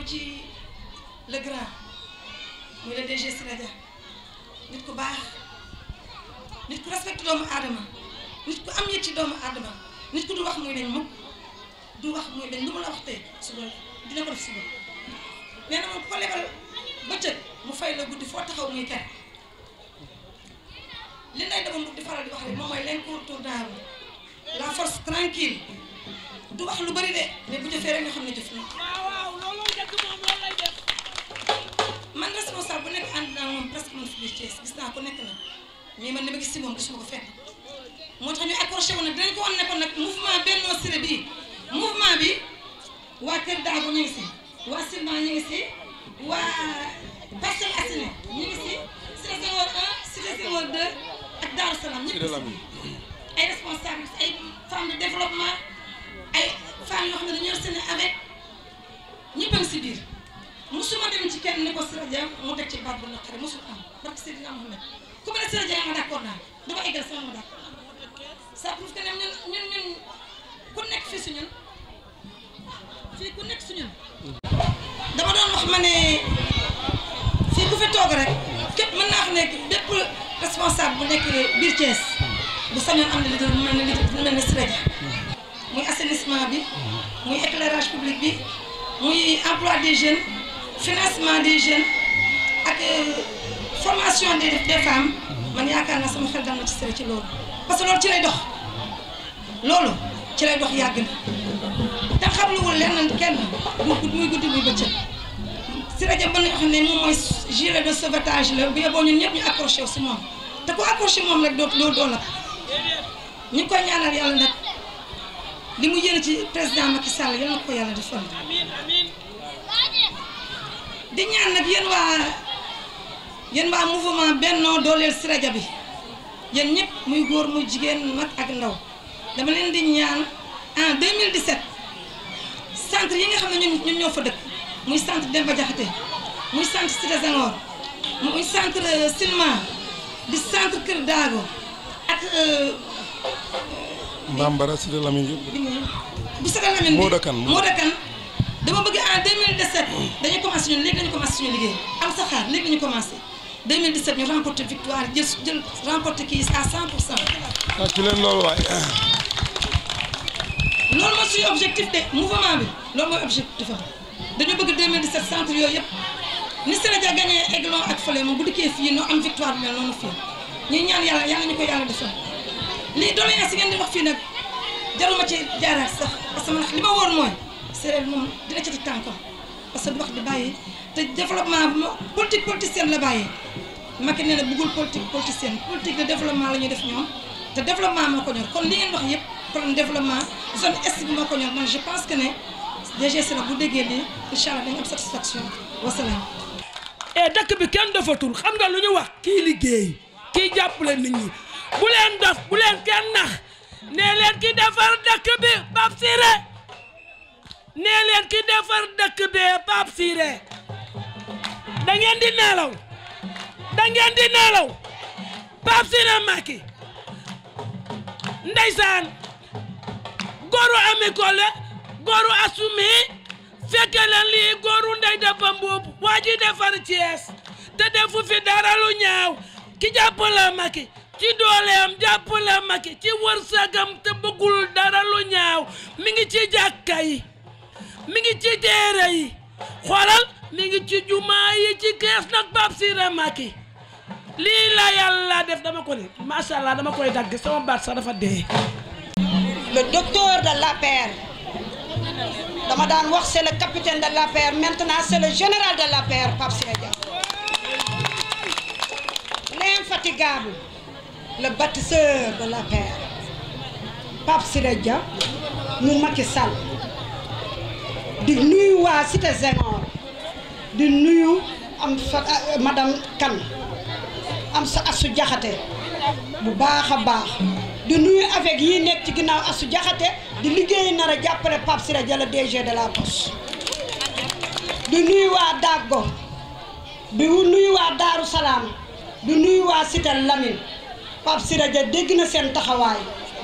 ñëw ci le grand muy le DG Siraja nit ku baax nit ku respecté doomu aadama nit ku am yëg ci doomu aadama nit ku du wax muy dañ mukk du wax muy dañ lu mu la wax tey suba dina ko def suba nee na moom ko lebal bëccëg mu fay la guddi foo taxaw muy ter li nay dama mbug di faral di wax rek moom mooy l'incontournable la force tranquille du wax lu bari de mais bu jëfee rek ñu xam ne jëf na man responsable bu nekk ànd naa moom presque man fi gis naa ko nekk nag mais man li ma gis si moom gisuma ko fenn moo tax ñu accroché wu nag dinañ ko wan bi waa Kër Daago ñu ngi si waa Silma ñu ngi si waa Parcelles Assainies ñu ngi si Cité Senghor 1 Cité Senghor 2 ak Darou Salam naqari mosul am barke Seydina Mouhamed ku ma ne Sëriñ Jaay ma d'accord dama eggal sama ma d'accord ku nekk fii suñun fii ku nekk suñun dama doon wax rek képp mën naa xam ne bépp responsable bu nekk biir Thiès bu sañoon am na leader bu mel ne leader muy assainissement bi muy éclairage public bi muy emploi des jeunes financement des jeunes Euh, formation des des femmes man yaakaar naa sama xel dal ci sëriñ ci loolu parce que loolu ci lay dox loolu ci lay dox yàgg na te xam lu wul lenn kenn muy guddi muy bëccëg si rajo mën nañu xam ne moom mooy gilet de sauvetage la bu yeboo ñun ñëpp ñu accroché wu si moom te ku accroché moom rek dootu loolu doon la ñu koy ñaanal yàlla nag li mu yëre ci président Macky Sall yal na ko yàlla defal di ñaan nag yéen waa. yéen waa mouvement bennoo Dooleel Siré Dia bi yéen ñëpp muy góor muy jigéen mag ak ndaw dama leen di ñaan en 2017 centre yi nga xam ne ñun ñun ñoo fa dëkk muy centre Demba Diakhaté muy centre Cité Senghor muy centre euh, Silema di centre Kër Daago ak. Euh, euh, Bambara Cité Lamine bu Cité Lamine bi Moodakan Moodakan dama bëgg en 2017 dañu commencé ñun léegi dañu commencé suñu liggéey am saxaar léegi dañu commencé. 2017 ñu remporté victoire jël jël remporté kii à 100 pour cent. tàcc ah, leen loolu waay. loolu mooy suñu objectif de mouvement bi loolu mooy objectif am dañu bëgg 2017 centre yooyu yëpp ni Sénégal gagné Aiglon ak Fale moom bu dikkee fii noo am victoire bi mel noonu fii ñuy ñaan yàlla yàlla ñu ko yàlla defal lii doléance yi ngeen di wax fii nag jaruma ci jaaraat sax parce que man li ma wóor mooy Sénégal moom dina ci tànkam parce que du wax di bàyyi te développement bi ma Macky nee na bëggul politique politicienne politique de développement la def ñoom te développement moo ko ñor kon li ngeen wax yëpp problème développement zone est bi moo ko ñor man je pense que ne DG Sénégal bu déggee lii incha allah dañu am satisfaction wasalaam. et eh, dëkk bi kenn defatul xam nga lu ñu wax kii liggéey kii jàppale nit ñi bu leen def bu leen kenn nax nee leen ki defar dëkk bi Pape Siré nee leen ki defar dëkk bi Pape Siré da ngeen da ngeen di nelaw Pape Sina Macky ndeysaan góoru Ami Collé góoru Assoumi fekke leen lii ndey dafa mbuub waa ji defar Thiès te defu fi dara lu ñaaw ki jàppale ci dooleem jàppale ci wërsëgam te bëggul dara lu ñaaw mi ci jàkka yi ci teere yi xoolal ci jumaa ci kees nag Pape Sina Macky lii la yàlla def dama ko ne macha allah dama koy dagg sama baat sax dafa dee. le docteur de l'APR dama daan wax c'est le capitaine de l'APR maintenant c'est le général de l'APR Pape Siré Dia l'infatigable le bâtisseur de l'APR Pape Siré Dia mu Macky Sall di nuyu waa Cité Senghor di nuyu am euh, madame Kane am sa asu jaxate bu baax a baax di nuyu avec yi nekk ci ginnaaw asu jaxate di liggéeyi nar a jàppale Pape Siré Dia la DG de la poste di nuyu waa Daggo di nuyu waa Daaru di nuyu waa Cité Lamine Pape Siré dégg na seen taxawaay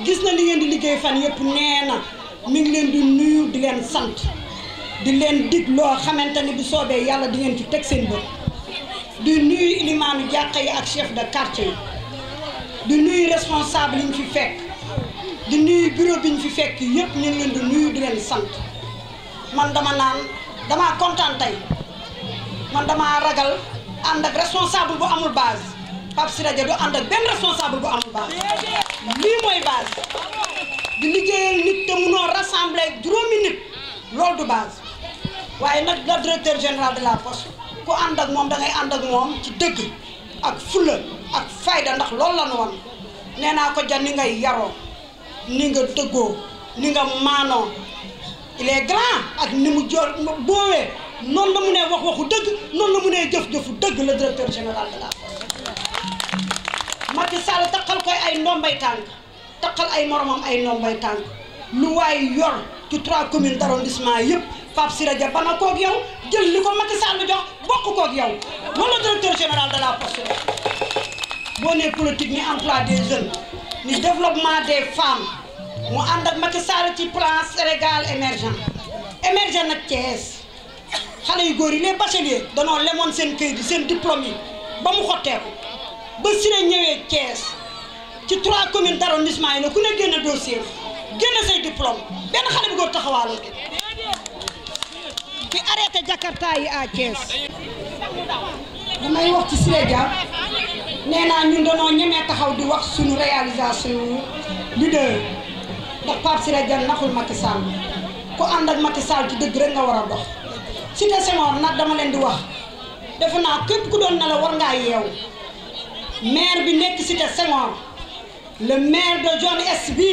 gis na li ngeen di liggéey fan yëpp nee na mi ngi leen di nuyu di leen sant di leen dig loo xamante ni bu soobee yàlla di ngeen ci teg seen bët di nuyu ilimaanu jàkka yi ak chef de quartier yi di nuyu responsable yi ñu fi fekk di nuyu bureau bi ñu fi fekk yëpp ñu leen di nuyu di leen sant man dama naan dama kontaan tey man damaa ragal ànd ak responsable bu amul base Pape Siré Dia du ànd ak benn responsable bu amul base lii mooy base di liggéeyal nit te munoo rassembler juróomi nit loolu du base waaye nag la directeur général de la poste. ku ànd ak moom da ànd ak moom ci dëgg ak fulla ak fayda ndax loolu la ñu nee naa ko ja ni ngay yaroo ni nga dëggoo ni nga maanoo il est grand ak ni mu jo boowee noonu la mu nee wax dëgg noonu la mu nee jëf dëgg la directeur général de la Macky Sall takkal koy ay ndombay tànk takkal ay moromam ay ndombay tànk lu waay yor ci trois communes d'arrondissement yëpp Pape Siraja bana koog yow jël li ko Macky bokk koog yow loolu la directeur général de la poste boo nee politique ni emploi des jeunes ni développement des femmes mu ànd ak Macky Sall ci plan Sénégal émergent émergent nag Thiès xale yu góor yi les bacheliers danoo lemoon seen këyit yi seen diplôme yi ba mu xotteeku ba Siré ñëwee Thiès ci trois communes d' arrondissement yi ne ku ne génne dossier génne say diplôme benn xale bu góor taxawaaloo fi arrêté Jakarta yi à Thiès. damay wax ci Siré Dia nee naa ñun danoo ñemee taxaw di wax suñu réalisation leader ndax Pape Siré Dia naxul Macky Sall ku ànd ak Macky Sall ci dëgg rek nga war a dox Cité Senghor nag dama leen di wax defe naa képp ku doon na la war ngaa yeewu maire bi nekk Cité Senghor le maire de zone est bi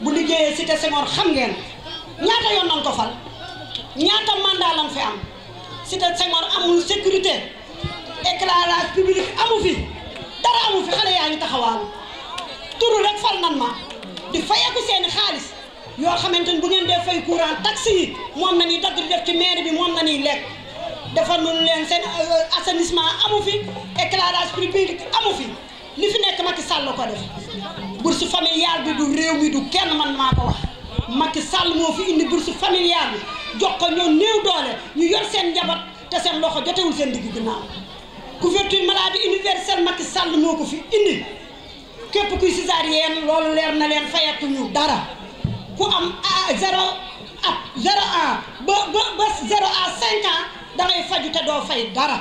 bu liggéeyee Cité Senghor xam ngeen ñaata yoon ko fal. ñaata mandat lañ fi am Cité Senghor amul sécurité éclairage public amu fi dara amu fi xale yaa ngi taxawaalu turu rek fal nan ma di fayeeku seeni xaalis yoo xamante ni bu ngeen dee fay courant taxi yi moom la ñuy dagg def ci maire bi moom la ñuy lekk dafa nañu leen seen euh, assainissement amu fi éclairage public amu fi li fi nekk Macky Sall ko def bourse familiale bi du réew mi du kenn man maa ko wax Macky Sall moo fi indi bourse familiale bi jox ko ñoo néew doole ñu yor seen njaboot te seen loxo jotewul seen digg ginnaaw couverture maladie universelle Macky Sall moo ko fi indi képp kuy césarienne loolu leer na leen fayatuñu dara ku am a zéro ab zéro a ba ba ba zéro à cinq ans da ngay faju te doo fay dara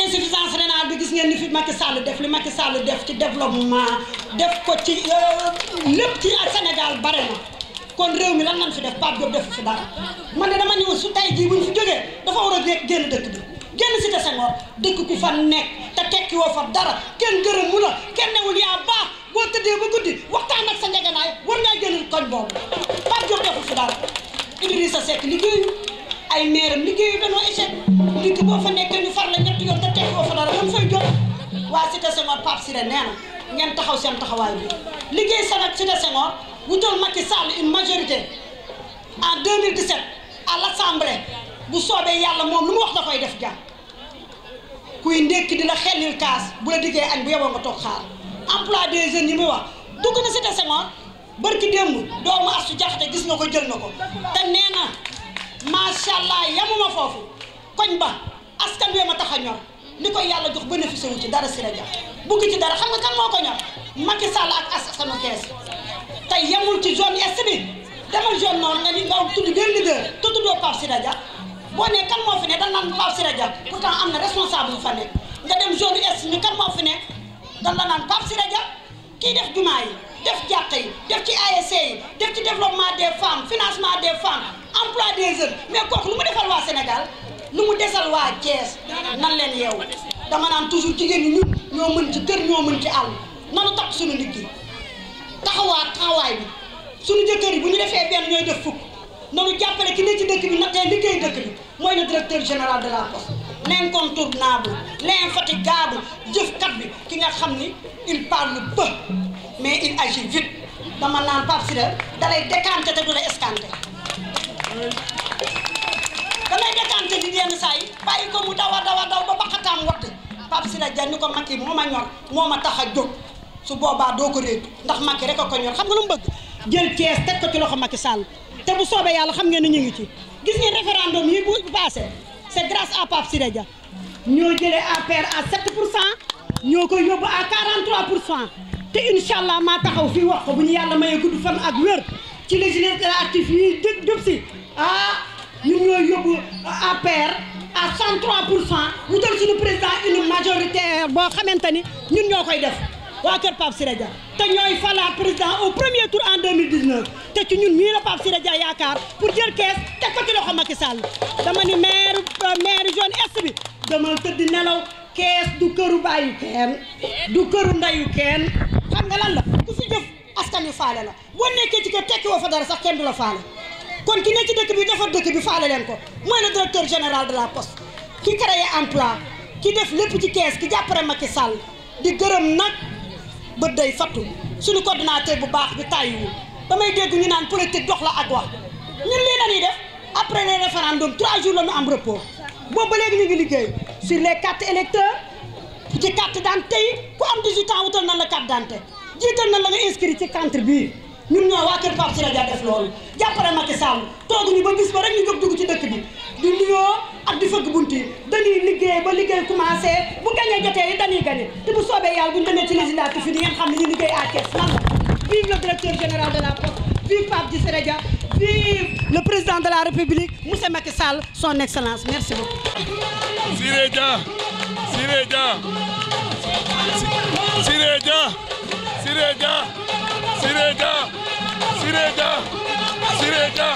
insuffisance rénale bi gis ngeen ni fi makki Sall def li Macky Sall def ci développement def ko ci euh, lépp ci ak Sénégal bare na kon réew mi lan lan fi def Pape Diop def fi dara man de dama ñëw su tay jii buñ fi dafa war a nekk génn dëkk bi génn si te dëkk ku fa nekk te tekki woo fa dara kenn gërëm mu la kenn newul yaa baax boo tëddee ba guddi waxtaan ak sa njëganaay war ngaa génn koñ boobu Pape Diop defu fi dara Idrissa Seck liggéeyu ay meeram liggéeyu danoo échec dëkk boo fa nekkee ñu far la ñett yoon te tekki woo fa dara lan fay jot waa si te Senghor Pape Siré nee taxaw seen taxawaay bi liggéey sa si te Senghor wutal Macky Sall une majorité en 2017 à l'Assemblée bu soobee yàlla moom lu mu wax da koy def jàmm kuy ndékki di la xellil kaas bu la diggee añ bu yeboo nga toog xaar emploi des jeunes yi muy wax dugg na Cité Senghor barki démb doomu asu jaxate gis na ko jël na ko te nee na macha allah yamuma foofu koñ ba askan wi ma tax a ñor li koy yàlla jox bénéficié wu ci dara si la jax bugg ci dara xam nga kan moo ko ñor Macky Sall ak askanu kees te yemul ci zone est bi demal zone noonu nga ni nga tudd benn leader te tuddoo Pape Sira Dia boo nee kan moo fi ne dañ naan Pape na responsable bu fa nekk nga dem zone est ñu kan moo fi ne dañ la naan Pape Sira kii def jumaa yi def jàkka yi def ci ASC yi def ci développement des femmes financement des femmes emploi des jeunes mais kooku lu mu defal waa Sénégal lu mu desal waa Thiès nan leen yeewu dama naan toujours jigéen ñi ñun ñoo mën ci kër ñoo mën ci àll nanu takk suñu liggéey taxawaat taxawaay bi suñu jëkkër yi bu ñu defee benn ñooy def fukk nanu jàppale ki ne ci dëkk bi nattee liggéey dëkk bi mooy le directeur général de la poste l'incontournable l'infatigable jëfkat bi ki nga xam ni il parle peu mais il agit vite dama naan Pape Sida dalay décanté te du la escanté dalay décanté di yenn saa yi bàyyi ko mu daw a daw a daw ba baqataam watt Pape Sida ni ko Macky moo ma ñor moo ma tax a jóg su boobaa doo ko réetu ndax Macky rek a ko ñor xam nga lu mu bëgg jël Thiès teg ko ci loxo Macky Sall te bu soobee yàlla xam ngeen ne ñu ngi ci gis ngeen référendum yi bu passé c'est grâce à Pape Siré Dia ñoo jëlee APR à 7 pour cent ñoo koy yóbbu à 43 pour cent te incha maa taxaw fii wax ko bu ñu yàlla mayee gudd fan ak wér ci législatif yi dëg dëb si ah ñun ñooy yóbbu APR à 103 pour cent wutal suñu président une majorité boo xamante ni ñun ñoo koy def waa kër Pape Siré Dia te ñooy falaat président au premier tour en 2019 te ci ñun ñii la Pape Siré Dia yaakaar pour jël kees teg ko ci loxo Macky Sall dama ni maire euh, maire zone est bi dama tëdd nelaw kees du këru bàyyu kenn du këru ndayu kenn xam nga lan la ku fi jëf askan wi faale la boo nekkee ci kër tekki woo fa dara sax kenn du la faale kon ki ne ci dëkk bi defar dëkk bi faale leen ko mooy le directeur général de la poste ki créé emploi ki def ci kees ki jàppare Macky di gërëm nag bët day fattu suñu coordinateur bu baax bi tàyyiwul damay dégg ñu naan politique dox la ak wax ñun lii la ñuy def après les référendums trois jours la ñu am repos boobu ba léegi ñu ngi liggéey sur les cartes électeurs ci carte d'identité yi ku am 18 ans wutal na la carte d'identité jiital nañ la nga inscrit ci centre bii. ñun ñoo waa kër Pape Sira Dia def loolu jàppale Macky Sall tooguñu ba gis ba rek ñu jóg dugg ci dëkk bi di nuyoo ak di fëgg bunti dañuy liggéey ba liggéey commencé bu gañee jotee yi dañuy gañe te bu soobee yàlla bu ñu ci législative yi di ngeen xam ne liggéey à Thiès lan la vive le directeur général de la poste vive Pape Sira Dia vive le président de la République monsieur Macky Sall son excellence merci beaucoup Sira Dia Sira Dia Siré Dia Siré Dia Siré Dia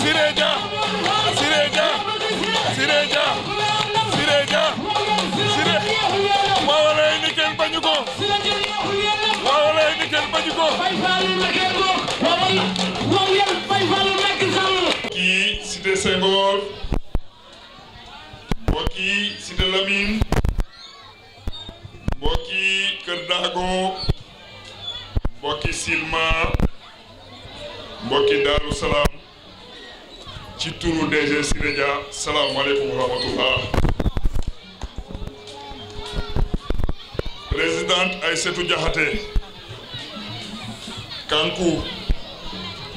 Siré Dia Siré Dia Siré Dia Siré Dia Siré waaw walaay ni kenn bañu ko waaw walaay ni kenn bañu ko kii Cité Senghor mbokk yi Cité Lamine mbokk yi Kër Daago mbokki Silma mbokki Daaru Salaam ci turu DG Siré Dia salaamaaleykum wa rahmatullah présidente Aïssatou Diakhaté Kankou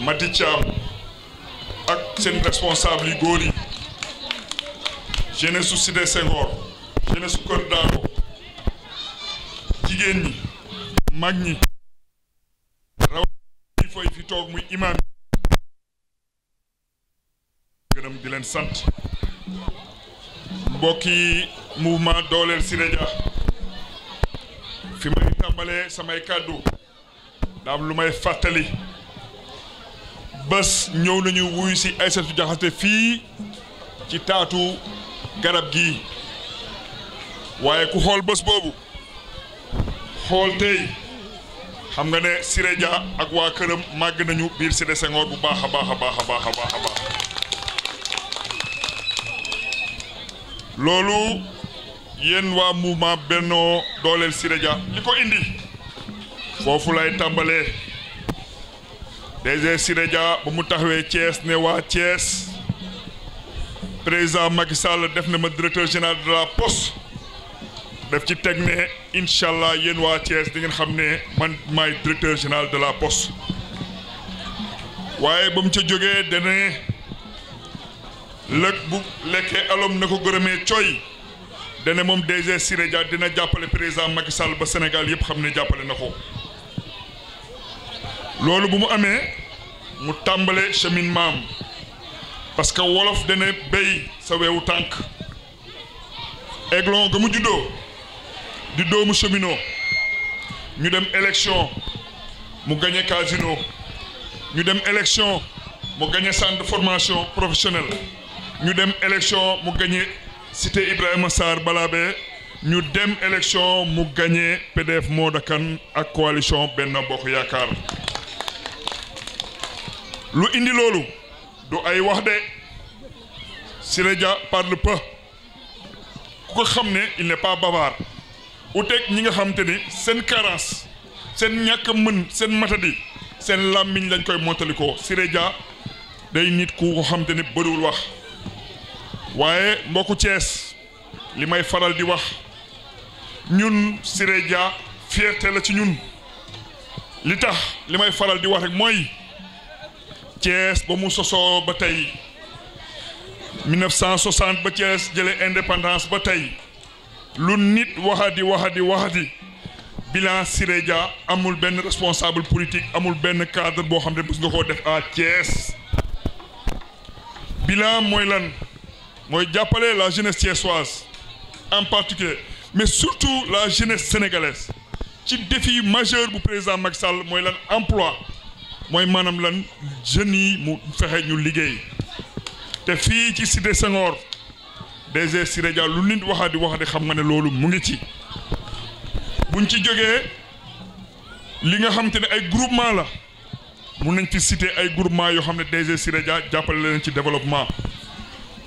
Mati Thiam ak seen responsable yu góor yi jeunesse su Cité Senghor jeunesse jigéen ñi mag ñi imaam gërëm di leen sant mbokki mouvement dooleel Siré Dia fi may tàmbalee samay kàddu daam lu may fàttali bés ñëw nañu wuyu si Aïssatou Diakhaté fii ci taatu garab gi waaye ku xool bés boobu xool tey xam nga ne Siré Dia ak waa këram màgg nañu biir Cité Senghor bu baax a baax a baax a baax a baax a baax loolu yenn waa mouvement Benno Dooleel Siré Dia li ko indi foofu lay tàmbalee DG Siré Dia ba mu taxawee Thiès ne waa Thiès président Macky Sall def na ma directeur général de la poste daf ci teg ne incha allah yéen waa Thiès di xam ne man maay directeur général de la poste waaye ba mu ca jógee dane lëg bu lekkee alom na ko gërëmee cooy dane moom DG Siré Dia dina jàppale président Macky Sall ba Sénégal yëpp xam ne jàppale na ko loolu bu mu amee mu tàmbale chemin maam parce que wolof dane béy sa weewu tànk eglon ga mu juddoo di doomu cheminot ñu dem élection mu gagné casino ñu dem élection mu gagné centre de formation professionnelle ñu dem élection mu gagné cité Ibrahima Sarr Balabé ñu dem élection mu gagné PDF moo dakan ak coalition Benno Bokk Yaakaar lu indi loolu du ay wax de Siré Dia parle peu ku ko xam ne il n'est pas bavard uteeg ñi nga xam ni seen carence seen ñàkk mën seen matadi seen làmmiñ lañ koy mottalikoo Siré Dia day nit ku ko xam te ni bëriwul wax waaye mbokku Cees li may faral di wax ñun Siré Dia fierté la ci ñun li tax li may faral di wax rek mooy Cees ba mu sosoo ba tey 1960 ba Cees jële indépendance ba tey lu nit waxati waxati waxati bilan Siré Dia amul benn responsable politique amul benn cadre boo xam ne mës nga koo def à Thiès bilan mooy lan mooy jàppale la jeunesse thiessoise en particulier me surtout la jeunesse sénégalaise ci défi majeur bu président Macky Sall mooy lan emploi mooy maanaam lan jeunes yi mu fexe ñu liggéey te fii ci de Senghor DG Siré Dia lu nit waxaat di wax di xam nga ne loolu mu ngi ci buñ ci jógee li nga xam te ne ay groupement la mun nañ ci citer ay groupement yoo xam ne DG Siré Dia jàppale leen ci développement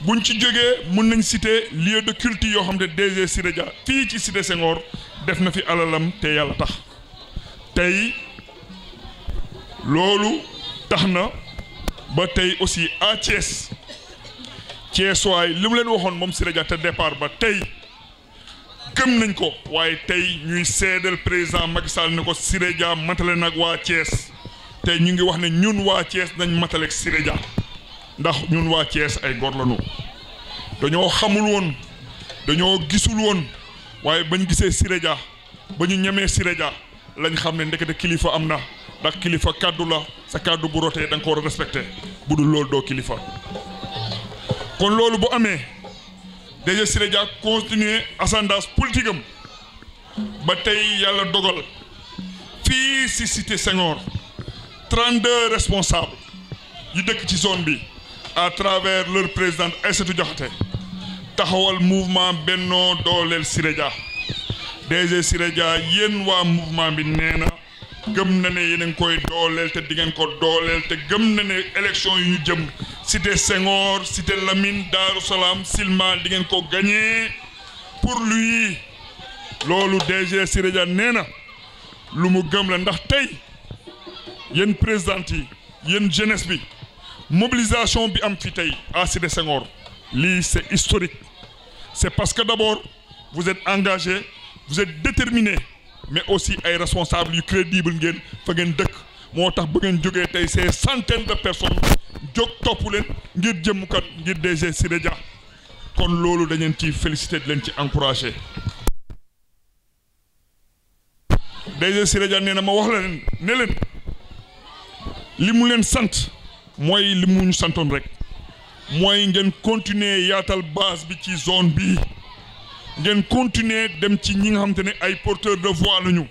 buñ ci jógee mun nañ citer lieu de culte yoo xam ne DG Siré Dia fii ci cité Senghor def na fi alalam te yàlla tax tey loolu tax na ba tey aussi à Thiès Ceesuwaay li mu leen waxoon moom Siré Dia te départ ba tey gëm nañ ko waaye tey ñuy seedal président Macky Sall ne ko Siré Dia matale nag waa Cees tey ñu ngi wax ne ñun waa Cees nañ matale ak Siré ndax ñun waa Cees ay góor lañu dañoo xamul woon dañoo gisul woon waaye bañ gisee Siré Dia ba ñu ñemee Siré Dia lañ xam ne ndekete kilifa am na ndax kilifa kàddu la sa kàddu bu rotee da nga ko war respecté bu dul lool doo kilifa kon loolu bu amee déjà Siré Dia continuer ascendance politique am ba tey yàlla dogal fii si cité Senghor 32 responsables yu dëkk ci zone bi à travers leur présidente Aïssatou Diakhaté taxawal mouvement Bennoo dooleel Siré Dia DG Siré yéen waa mouvement bi nee na gëm na ne yéen a ngi koy dooleel te di ngeen ko dooleel te gëm na ne élection yu ñu jëm cité Senghor cité Lamine Darou Salaam Silma di ngeen ko gagné pour lui loolu DG Siré Dia nee na lu mu gëm la ndax tey yéen présidente yi yéen jeunesse bi mobilisation bi am fi tey à cité Senghor lii c'est historique c'est parce que d'abord vous êtes engagé vous êtes déterminé mais aussi ay responsables yu crédible ngeen fa ngeen dëkk moo tax bu ngeen jógee tey ces centaines de personnes jóg topp leen ngir jëmmukat ngir des Siré Dia kon loolu dañu leen ciy félicité di leen ci encouragé. DG Siré Dia nee na ma wax la leen ne leen li mu leen sant mooy li mu ñu santoon rek mooy ngeen continuer yaatal base bi ci zone bi ngeen continuer dem ci ñi nga xamte ne ay porteurs de voix lañu.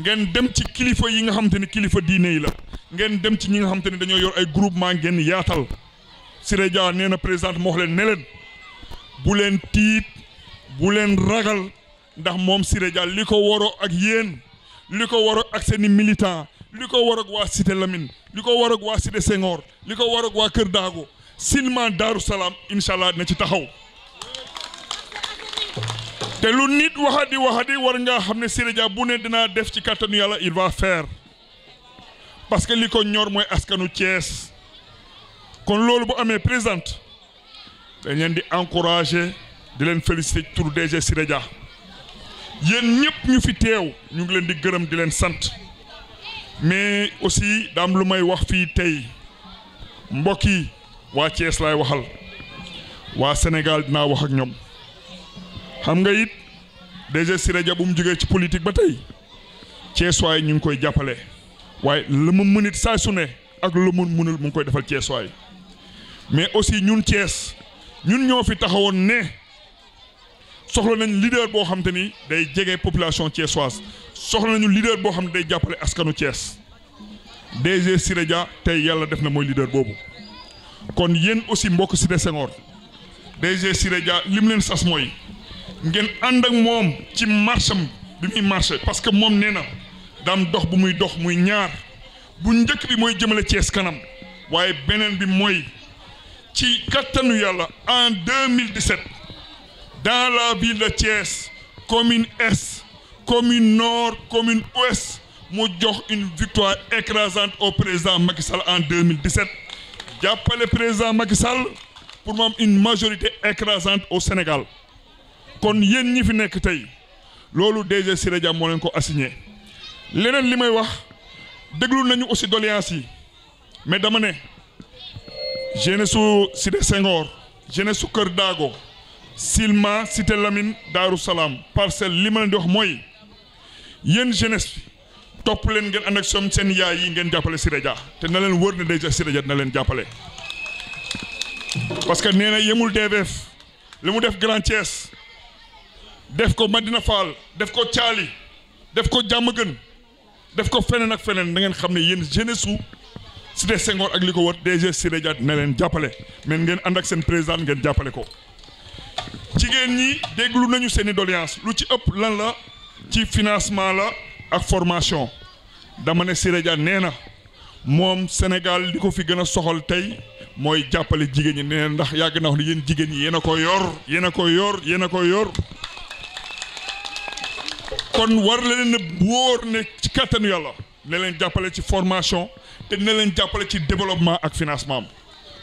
ngeen dem ci kilifa yi nga xam ne kilifa diine yi la ngeen dem ci ñi nga xam te dañoo yor ay groupement ngeen yaatal Siré Dia nee na présidente moo leen ne leen bu leen tiit bu leen ragal ndax moom Siré Dia li ko waroo ak yéen li ko waroo ak seeni militant li ko waroo ak waa Cité lamin li ko waroo ak waa Cité Senghor li ko waroo ak waa Kër Daago silman Daaru Salaam incha allah na ci taxaw te lu nit waxadi waxadi war nga xam ne Siré Dia bu def ci kàttanu yàlla il va faire parce que li ko ñor mooy askanu Thiès kon loolu bu amee présente dañ leen di encourager di leen féliciter tur DG Siré Dia yéen ñëpp ñu fi teew ñu ngi leen di gërëm di leen sant mais aussi daam lu may wax fii tey mbokk yi waa Thiès laay waxal waa Sénégal dinaa wax ak ñoom xam nga it déjà Siré Dia bu mu jógee ci politique ba tey Ceesuwaay ñu ngi koy jàppale waaye la mu mënit saa su ne ak lu mu mënul mu ngi koy defal Ceesuwaay mais aussi ñun Cees ñun ñoo fi taxawoon ne soxla nañ leader boo xam te ni day jege population thiessoise soxla nañu leader boo xam ne day jàppale askanu Thiès DG Siré Dia tey yàlla def na mooy leader boobu kon yéen aussi mbokk Cité Senghor DG Siré Dia li mu leen sas mooy ngeen ànd ak moom ci marcham bi muy marché parce que moom nee na daam dox bu muy dox muy ñaar bu njëkk bi mooy jëmale Thiès kanam waaye beneen bi mooy ci kattanu yàlla en 2017 dans la ville de Thiès commune est commune nord commune ouest mu jox une victoire écrasante au président Macky Sall en 2017 jàppale président Macky Sall pour mu am une majorité écrasante au Sénégal kon yéen ñi fi nekk tey loolu DG Siré Dia moo leen ko assigné leneen li may wax déglu nañu aussi doléance yi mais dama ne jeunesse su Cité Senghor jeunesse su Kër Daago Silma Cité Lamine Daaru Salaam parcelle li ma leen di wax mooy yéen jeunesse bi topp leen ngeen ànd ak soom seen yaay yi ngeen jàppale Siré Dia te na leen wër ne déjà Siré Dia na leen jàppale parce que nee yemul DVF li mu def Grand Thiès def ko man dina Fall def ko caali def ko jàmm gën def ko feneen ak feneen da ngeen xam ne yéen jeunesse su Cité Senghor ak li ko wër DG Siré Dia ne leen jàppale mais ngeen ànd ak seen président ngeen jàppale ko. jigéen ñi déglu nañu seen i doléance lu ci ëpp lan la ci financement la ak formation dama ne Siré Dia nee na moom Sénégal li ko fi gën a soxal tey mooy jàppale jigéen ñi nee ndax yàgg na wax ne yéen jigéen ñi yéen a ko yor yéen a ko yor yéen a ko yor. kon war leen a wóor ne ci kattanu yàlla ne jàppale ci formation te ne leen jàppale ci développement ak financement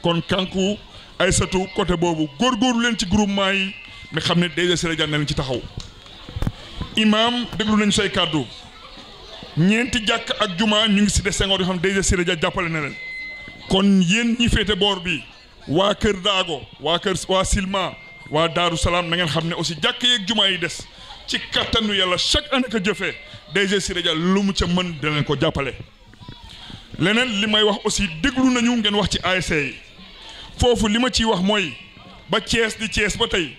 kon kanku Aysatu côté boobu góor góorgóorlu leen ci groupement yi mais xam ne déjà Siré Dia ne ci taxaw imam déglu nañu say kàddu ñeenti jàkk ak juma ñu ngi si des Senghor yoo xam déjà Siré Dia jàppale na leen kon yéen ñi féete boor bi waa Kër Daago waa Kër waa Silma waa Daaru Salaam na ngeen xam ne aussi jàkk yeeg juma yi des ci kattanu yàlla chaque année que jëfee DG Siré Dia lu mu ca mën danañ ko jàppale leneen li may wax aussi déglu nañu ngeen wax ci ASC yi foofu li ma ciy wax mooy ba Thiès di Thiès ba tey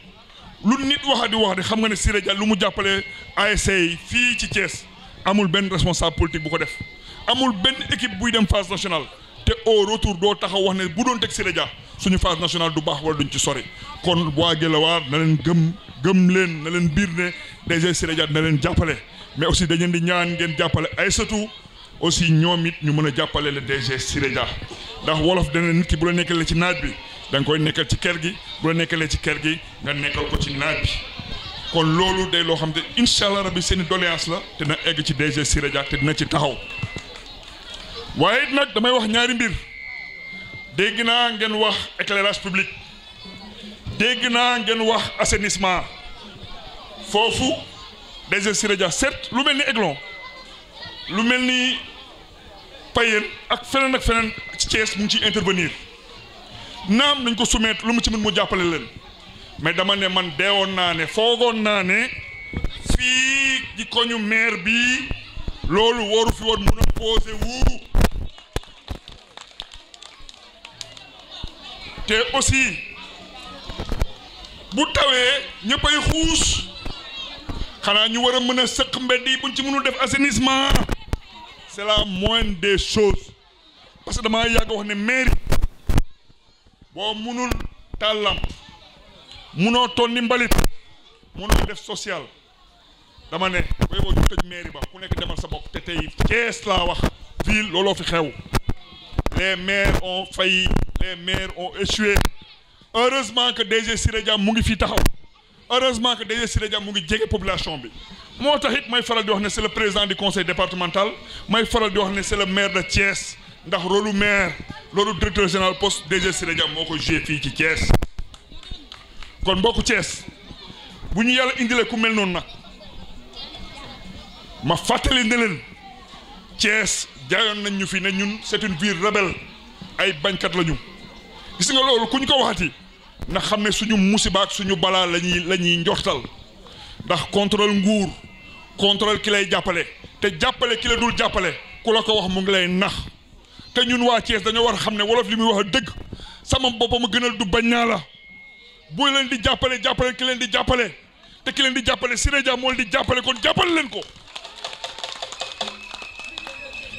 lu nit wax di wax di xam nga ne Siré Dia lu mu jàppale ASC yi fii ci Thiès amul benn responsable politique bu ko def amul benn équipe buy dem phase nationale te au retour doo taxaw wax ne bu doon teg Siré Dia suñu phase nationale du baax wala duñu ci sori kon waa Guelwaar na leen gëm gëm leen na leen biir ne DG Siré Dia na leen jàppale mais aussi dañu di ñaan ngeen jàppale ay surtout aussi ñoom it ñu mën a jàppale le DG Siré Dia ndax wolof dana nit ki bu la nekkalee ci naaj bi da koy nekkal ci kër gi bu la nekkalee ci ker gi nga nekkal ko ci naaj bi kon loolu day loo xam te incha allah bi seeni i la te na egg ci DG Siré Dia te dina ci taxaw waaye damay wax ñaari mbir. dégg naa ngeen wax éclairage public dégg naa ngeen wax assainissement foofu DG Siré Dia certes lu mel ni Aiglon lu mel ni Payenne ak feneen ak feneen ci Thiès mu ngi ciy intervenir naam nañ ko soumettre lu mu ci mën mu jàppale leen mais dama ne man deewoon naa ne foogoon naa ne fii di koñu maire bi loolu waru fi woon mun a posé te aussi bu tawee ñëppay xuus xanaa ñu war a mën a sëq mbedd yi buñ ci mënul def assainissement c'est la moindre des choses parce que damaa yàgg wax ne mairie boo mënul taal lamp mënoo tonni mbalit mënoo def social dama ne booy boo ñu tëj mairie ba ku nekk demal sa bopp te tey Thiès laa wax ville looloo fi xew les maires ont failli mais maire on échoué heureusement que DG Siré Dia mu ngi fii taxaw heureusement que DG Siré Dia mu ngi jege population bi moo tax it may faral di wax ne se le président du conseil départemental may faral di wax ne c'est le maire de Thiès ndax rôlu maire loolu directeur général poste DG Siré Dia moo ko joué fii ci Thiès kon mbokku Thiès bu ñu yàlla indile ku mel noonu nag ma fàttali ne leen jaayoon nañ ñu fi ne ñun c'est une ville rebelle ay bañkat la ñu gis nga loolu ñu ko waxati ndax xam ne suñu musibaak suñu balaa la ñuy la ñuy njortal ndax contrôle nguur contrôle ki lay jàppale te jàppale ki la dul jàppale ku la ko wax mu ngi lay nax te ñun waa Thiès dañoo war a xam ne wolof li muy wax a dëgg sama boppam gënal du bañ naa la buy leen di jàppale jàppale ki leen di jàppale te ki leen di jàppale si Dia moo di jàppale kon jàppale leen ko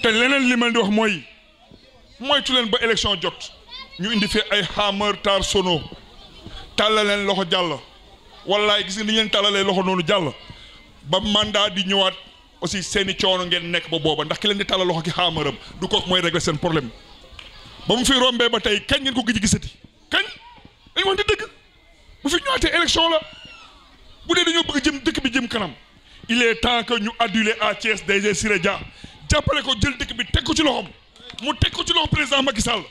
te leneen li ma di wax mooy moytu leen ba élection jot. ñu indi fi ay xaamar tar sono tàllal leen loxo jàll wallaay gis nga ni leen tàllalee loxo noonu jàll ba mandat di ñëwaat aussi seeni coono ngeen nekk ba booba ndax ki leen di tàllal loxo ki xaamaram du ko mooy régler seen problème ba mu fi rombee ba tey kañ ngeen ko gëj gisati kañ dañu wax dëgg bu fi ñëwaatee élection la bu dee dañoo bëgg jëm dëkk bi jëm kanam il est temps que ñu adduler à day DG Siré Dia jàppale ko jël dëkk bi teg ko ci loxoom mu teg ko ci loxo président Macky Sall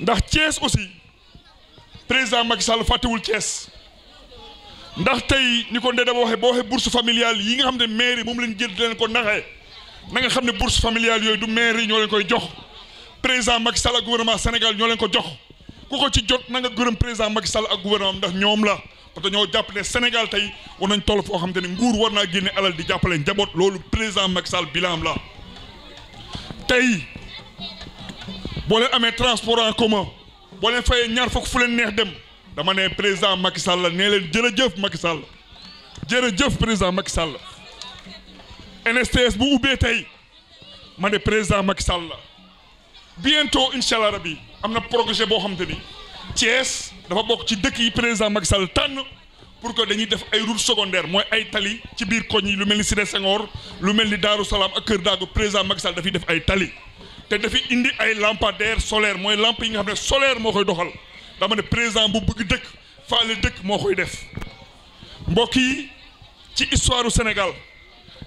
ndax Thiès aussi président Macky Sall fàttewul Thiès ndax tey ni ko Ndeye ba waxee boo waxee bourse familiale yi nga xam ne mairie moom leen jël leen ko naxee na nga xam ne bourse familiale yooyu du mairie ñoo leen koy jox président Macky Sall ak gouvernement Sénégal ñoo leen ko jox ku ko ci jot na nga gërëm président Macky Sall ak gouvernement ndax ñoom la parce que ñoo jàpp ne Sénégal tey war nañ toll foo xam te ne nguur war naa génne alal di jàppale njaboot loolu président Macky Sall bilaam la tey. boo leen amee transport en commun boo leen fayee ñaar fukk fu leen neex dem dama ne président Macky Sall nee leen jërëjëf Macky Sall jërëjëf président Macky Sall NSTS bu ubbee tey ma ne président Macky Sall la bientôt incha allah rabi am na proget boo xam te ni Thiès dafa bokk ci dëkk yi président Macky Sall tànn pour que dañuy def ay route secondaire mooy ay tali ci biir koñ yi lu mel ni si Cité Senghor lu mel ni Daaru ak Kër Daago président Macky dafay def ay tali. te dafa indi ay lampa lampadaire solaire mooy lampe yi nga xam ne solaire moo koy doxal dama ne président bu bëgg dëkk faale dëkk moo koy def mbokk yi ci histoire du Sénégal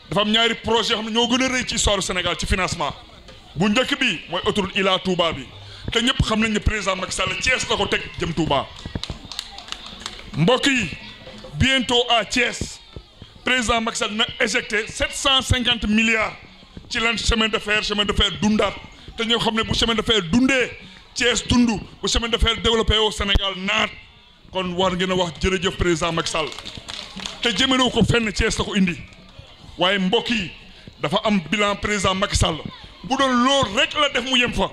dafa am ñaari projet yoo xam ne ñoo gën a rëy ci histoire Sénégal ci financement bu njëkk bi mooy autoroute Ila Touba bi te ñëpp xam nañ ne président Macky Sall Thiès la ko teg jëm Touba mbokk yi bien bientôt à Thiès président Macky na éjecté sept cent cinquante milliards ci lan chemin de fer chemin de fer dundaat te ñoo xam ne bu chemin de fer dundee Thiès dund bu chemin de fer développé au naat kon war ngeen a wax jërëjëf président Macky Sall te jëmalewu ko fenn Thiès la ko indi waaye mbokk yi dafa am bilan président Macky Sall bu doon loolu rek la def mu yem fa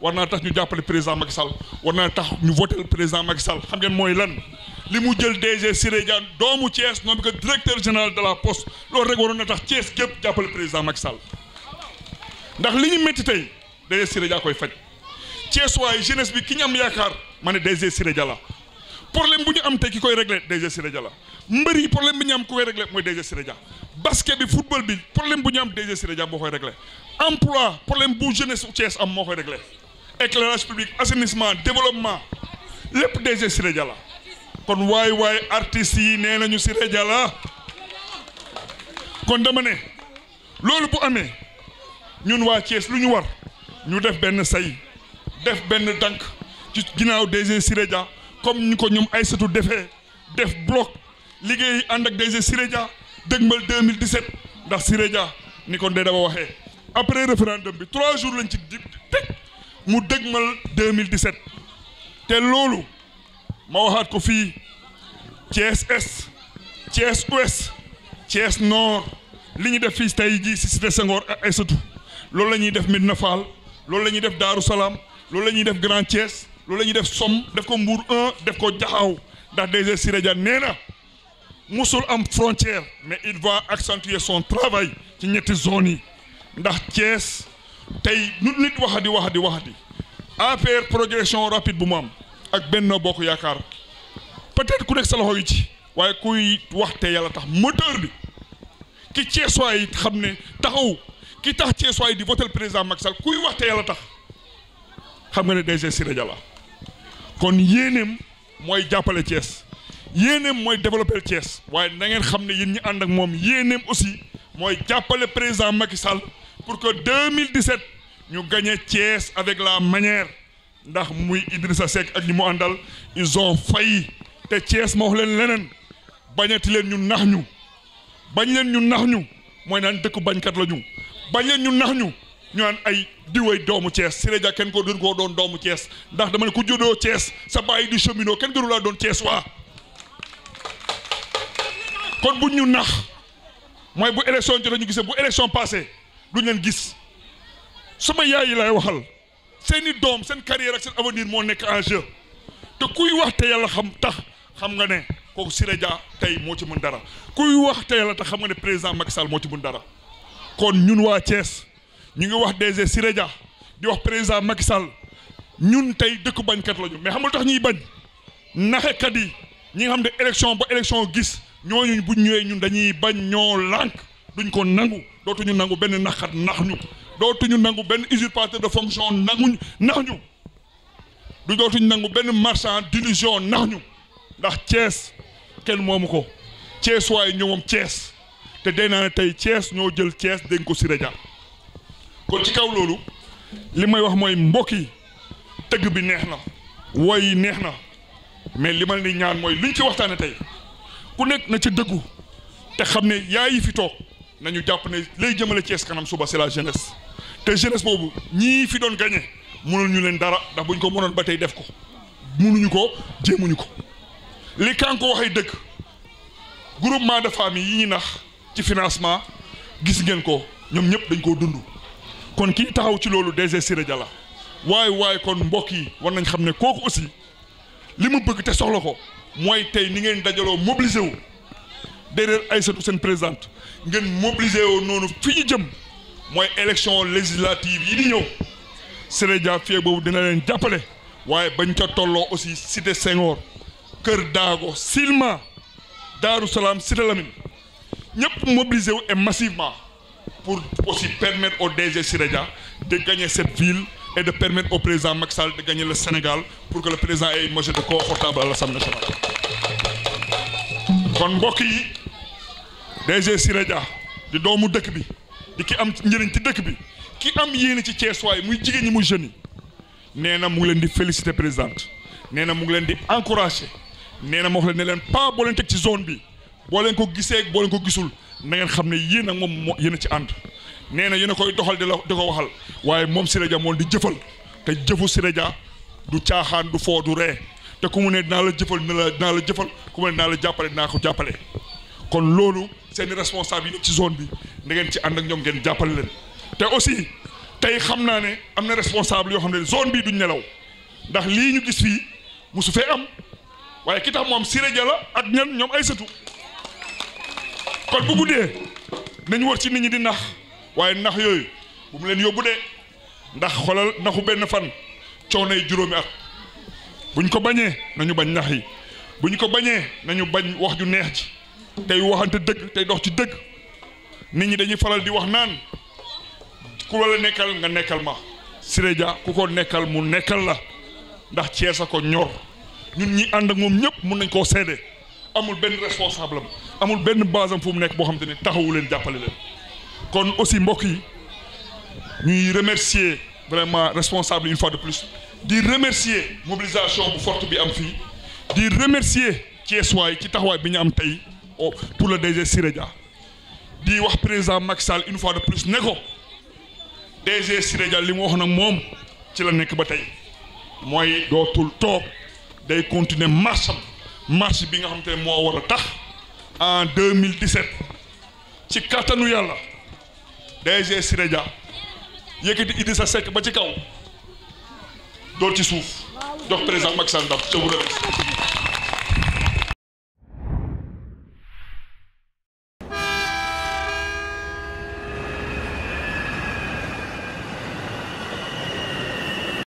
war naa tax ñu jàppale président Macky Sall war naa tax ñu voter président Macky Sall xam ngeen mooy lan li mu jël DG Siré Dia doomu Thiès noonu ko directeur général de la poste lool rek waroon na tax Thiès gépp jàppale président Macky Sall li ñu métti Désiré Siré Dia koy faj Thiès waay jeunesse bi ki ñu am yaakaar ma ne Désiré Siré Dia la problème bu ñu am te ki koy réglé Désiré Siré Dia la mbër yi problème bi ñu am ku koy réglé mooy Désiré Siré Dia basket bi football bi problème bu ñu am Désiré Siré Dia moo koy réglé emploi problème bu jeunesse Thiès am moo koy réglé éclairage public assainissement développement lépp Désiré Siré Dia la kon waaye waaye artistes yi nee nañu Siré Dia la kon dama ne loolu bu amee ñun waa Thiès lu ñu war. ñu def benn say def benn dànk ci ginnaaw DG Siré Dia comme ñu ko ñoom Aïssatou defee def bloc liggéey ànd ak DG Siré Dia dëgmal 2017 ndax Siré Dia ni ko Ndeye Daba waxee après référendum bi trois jours lañ ci di teg mu dëgmal 2017 te loolu ma waxaat ko fii Thiès Est Thiès Ouest Thiès Nord li ñu def fii tey jii si Cité Senghor ak Aïssatou loolu la ñuy def Medina Fall loolu la ñuy def Daaru Salaam loolu la ñuy def Grand Thiès loolu la ñuy def Somm def ko Mbour def ko Jaxaaw ndax DG Siré Dia nee na musul am frontière mais il va accentuer son travail ci ñetti zones yi ndax Thiès tey nu nit wax di wax di wax di APR progression rapide bu mu am ak Benno Bokk Yaakaar peut-être ku nekk sa loxo ci waaye kuy wax te yàlla tax moteur bi ki Thiès waay yi xam ne taxaw. ki tax Thiès waay di voté président Macky Sall kuy wax te yàlla tax xam nga ne DG Siré Dia la kon yéeneem mooy jàppale Thiès yéeneem mooy développer Thiès waaye na ngeen xam ne yéen ñi ànd ak moom yéeneem aussi mooy jàppale président Macky Sall pour que mille 2017 ñu gagné Thiès avec la manière ndax muy Idrissa Seck ak ñi mu àndal ils ont failli te Thiès ma wax leen leneen bañati leen ñu nax ñu bañ leen ñu nax ñu mooy naan dëkku bañkat la ñu. bañ leen ñu nax ñu ñu naan ay diway doomu Thiès Siré Dia kenn koo gën koo doon doomu Thiès ndax dama ne ku juddoo Thiès sa bàyyi di cheminot kenn gënu laa doon Thiès waa kon bu ñu nax mooy bu élection jotee ñu gisee bu élection passé duñ leen gis sama yaay yi laay waxal seeni doom seen carrière ak seen avenir moo nekk en jeu te kuy wax te yàlla xam tax xam nga ne kooku Siré jaa tey moo ci mën dara kuy wax te yàlla tax xam nga ne président Macky Sall moo ci mën dara kon ñun waa Thiès ñu ngi wax DG Siré Dia di wax président Macky Sall ñun tey dëkk bañkat la ñu mais xam tax ñuy bañ naxekat yi ñi nga xam ne élection ba élection gis ñooñu bu ñëwee ñun dañuy bañ ñoo lank duñ ko nangu dootuñu nangu benn naxat nax ñu dootuñu nangu benn usurpateur de fonction nanguñ nax ñu du dootuñu nangu benn marchand d'illusion nax ñu ndax Thiès kenn moomu ko Thiès waaye ñoom Thiès. te dee naa ne tey Thiès ñoo jël cees dénk ko Siré Dia kon ci kaw loolu li may wax mooy mbokk yi tëgg bi neex na woy yi neex na mais li ma ni ñaan mooy luñ fi waxtaane tey ku nekk na ci dëggu te xam ne yaa yi fi toog nañu jàpp ne lay jëmale cees kanam suba c'est la jeunesse te jeunesse boobu ñii fi doon gagné mënoon ñu leen dara ndax buñ ko mënoon ba tey def ko mënuñu ko jéemuñu ko li kan ko waxee dëgg groupement de famille yi ñu nax ci financement gis ngeen ko ñoom ñëpp dañ koo dund kon kii taxaw ci loolu DG Siré Dia la waaye waaye kon mbokk yi war nañ xam ne kooku aussi li mu bëgg te soxla ko mooy tey ni ngeen dajaloo mobiliser wu derrière Aïssatou seen présidente ngeen mobiliser woo noonu fi ñu jëm mooy élection législative yi di ñëw Siré Dia fii boobu dina leen jàppale waaye bañ ca tolloo aussi cité Senghor Kër Daago Silma Daaru Salaam cité ñëpp mobiliser wu et massivement pour aussi permettre au DG Sirédia de gagner cette ville et de permettre au président Macky Sall de gagner le Sénégal pour que le président ait une majorité confortable à l'Assemblée nationale kon mbokk yi DG Sirédia di doomu dëkk bi di ki am njëriñ ci dëkk bi ki am yéene ci Ceesuwaay muy jigéen ñi muy jeunes yi na mu ngi leen di félicité présidente nee na mu ngi leen di encourager nee na moo xam ne leen pas boo leen teg ci zone bi boo leen ko gisee boo leen ko gisul na ngeen xam ne yéen ak moom moo yéen a ci ànd nee na yéen koy doxal di la di ko waxal waaye moom Siré Dia moom di jëfal te jëfu Siré Dia du caaxaan du foo du ree te ku mu ne dinaa la jëfal dina la dinaa la jëfal ku mu ne dinaa la jàppale dinaa ko jàppale kon loolu seeni responsable yi ci zone bi na ngeen ci ànd ak ñoom ngeen jàppale leen te aussi tey xam naa ne am na responsable yoo xam ne zone bii duñ nelaw ndax lii ñu gis fii musu fee am waaye ki tax moom Siré Dia la ak ñan ñoom ay sëtu kon bu guddee nañ wër ci nit ñi di nax waaye nax yooyu bu mu leen yóbbu de ndax xoolal naxu benn fan coonay juróomi at buñ ko bañee nañu bañ nax yi buñ ko bañee nañu bañ wax ju neex ci tey waxante dëgg tey dox ci dëgg nit ñi dañuy faral di wax naan ku la nekkal nga nekkal ma Siré ku ko nekkal mu nekkal la ndax Cees a ko ñor ñun ñi ànd ak moom ñëpp mun nañ koo seede amul benn responsable am amul benn base am mu nekk boo xam te ne taxawu leen jàppale leen kon aussi mbokk yi ñuy remercier vraiment responsable une fois de plus di remercier mobilisation bu forte bi am fii di remercier Thiessois ci taxawaay bi ñu am tey pour le DG Siré Dia di wax président Macky Sall une fois de plus ne ko DG Siré Dia li mu wax nag moom ci la nekk ba tey mooy dootul toog day continuer marche am marche bi nga xam ne moo war a tax en 2017 ci kattanu yàlla DG Siré Dia yëkkati sa Seck ba ci kaw door ci suuf jox président Macky Sall ndam je vous remercie